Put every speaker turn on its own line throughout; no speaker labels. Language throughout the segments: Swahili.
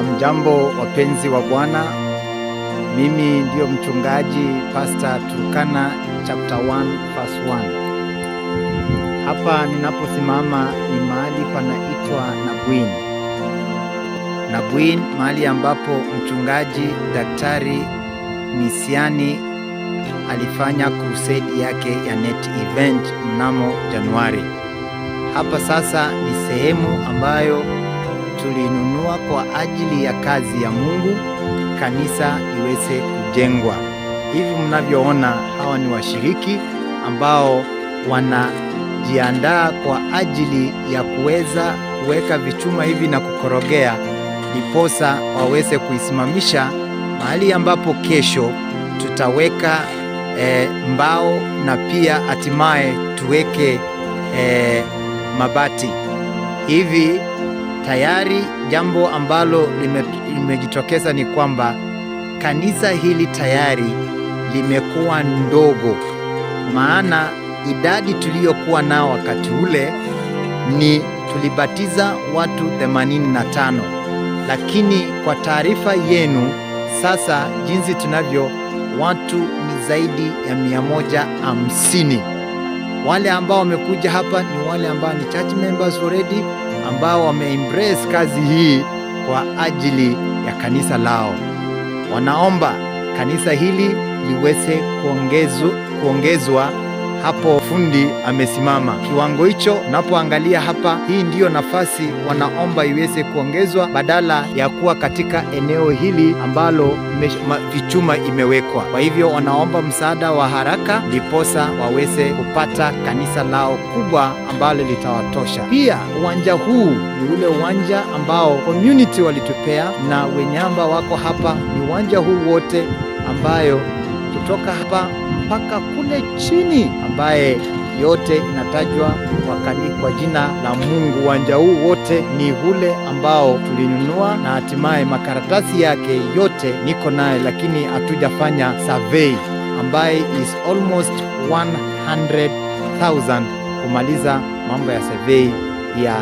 Hamjambo wapenzi wa Bwana, mimi ndiyo mchungaji Pastor Turkana, chapter 1 verse 1. Hapa ninaposimama ni mahali panaitwa Nabwin. Nabwin, mahali ambapo mchungaji daktari misiani alifanya crusade yake ya net event mnamo Januari. Hapa sasa ni sehemu ambayo tulinunua kwa ajili ya kazi ya Mungu, kanisa iweze kujengwa. Hivi mnavyoona, hawa ni washiriki ambao wanajiandaa kwa ajili ya kuweza kuweka vichuma hivi na kukorogea, ndiposa waweze kuisimamisha mahali ambapo kesho tutaweka e, mbao na pia hatimaye tuweke e, mabati hivi Tayari jambo ambalo limejitokeza ni kwamba kanisa hili tayari limekuwa ndogo, maana idadi tuliyokuwa nao wakati ule ni tulibatiza watu 85 lakini kwa taarifa yenu sasa, jinsi tunavyo watu ni zaidi ya 150. Wale ambao wamekuja hapa ni wale ambao ni church members already ambao wameimbrace kazi hii kwa ajili ya kanisa lao. Wanaomba kanisa hili liweze kuongezwa hapo fundi amesimama kiwango hicho. Unapoangalia hapa, hii ndiyo nafasi wanaomba iweze kuongezwa badala ya kuwa katika eneo hili ambalo vichuma imewekwa. Kwa hivyo wanaomba msaada wa haraka, ndiposa waweze kupata kanisa lao kubwa ambalo litawatosha. Pia uwanja huu ni ule uwanja ambao community walitupea na wenyamba wako hapa, ni uwanja huu wote ambayo kutoka hapa mpaka kule chini, ambaye yote inatajwa kwa jina la Mungu. Uwanja huu wote ni ule ambao tulinunua, na hatimaye makaratasi yake yote niko naye, lakini hatujafanya survey ambaye is almost 100,000 kumaliza mambo ya survey ya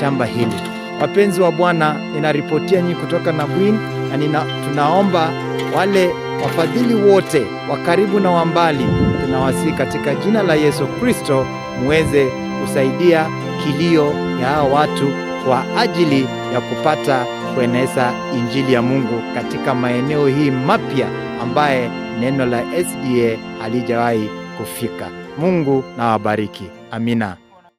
shamba hili. Wapenzi wa Bwana, ninaripotia nyinyi kutoka Nabwin na nina, tunaomba wale Wafadhili wote wa karibu na wa mbali, tunawasihi katika jina la Yesu Kristo muweze kusaidia kilio ya hawa watu kwa ajili ya kupata kueneza injili ya Mungu katika maeneo hii mapya ambaye neno la SDA halijawahi kufika. Mungu na wabariki. Amina.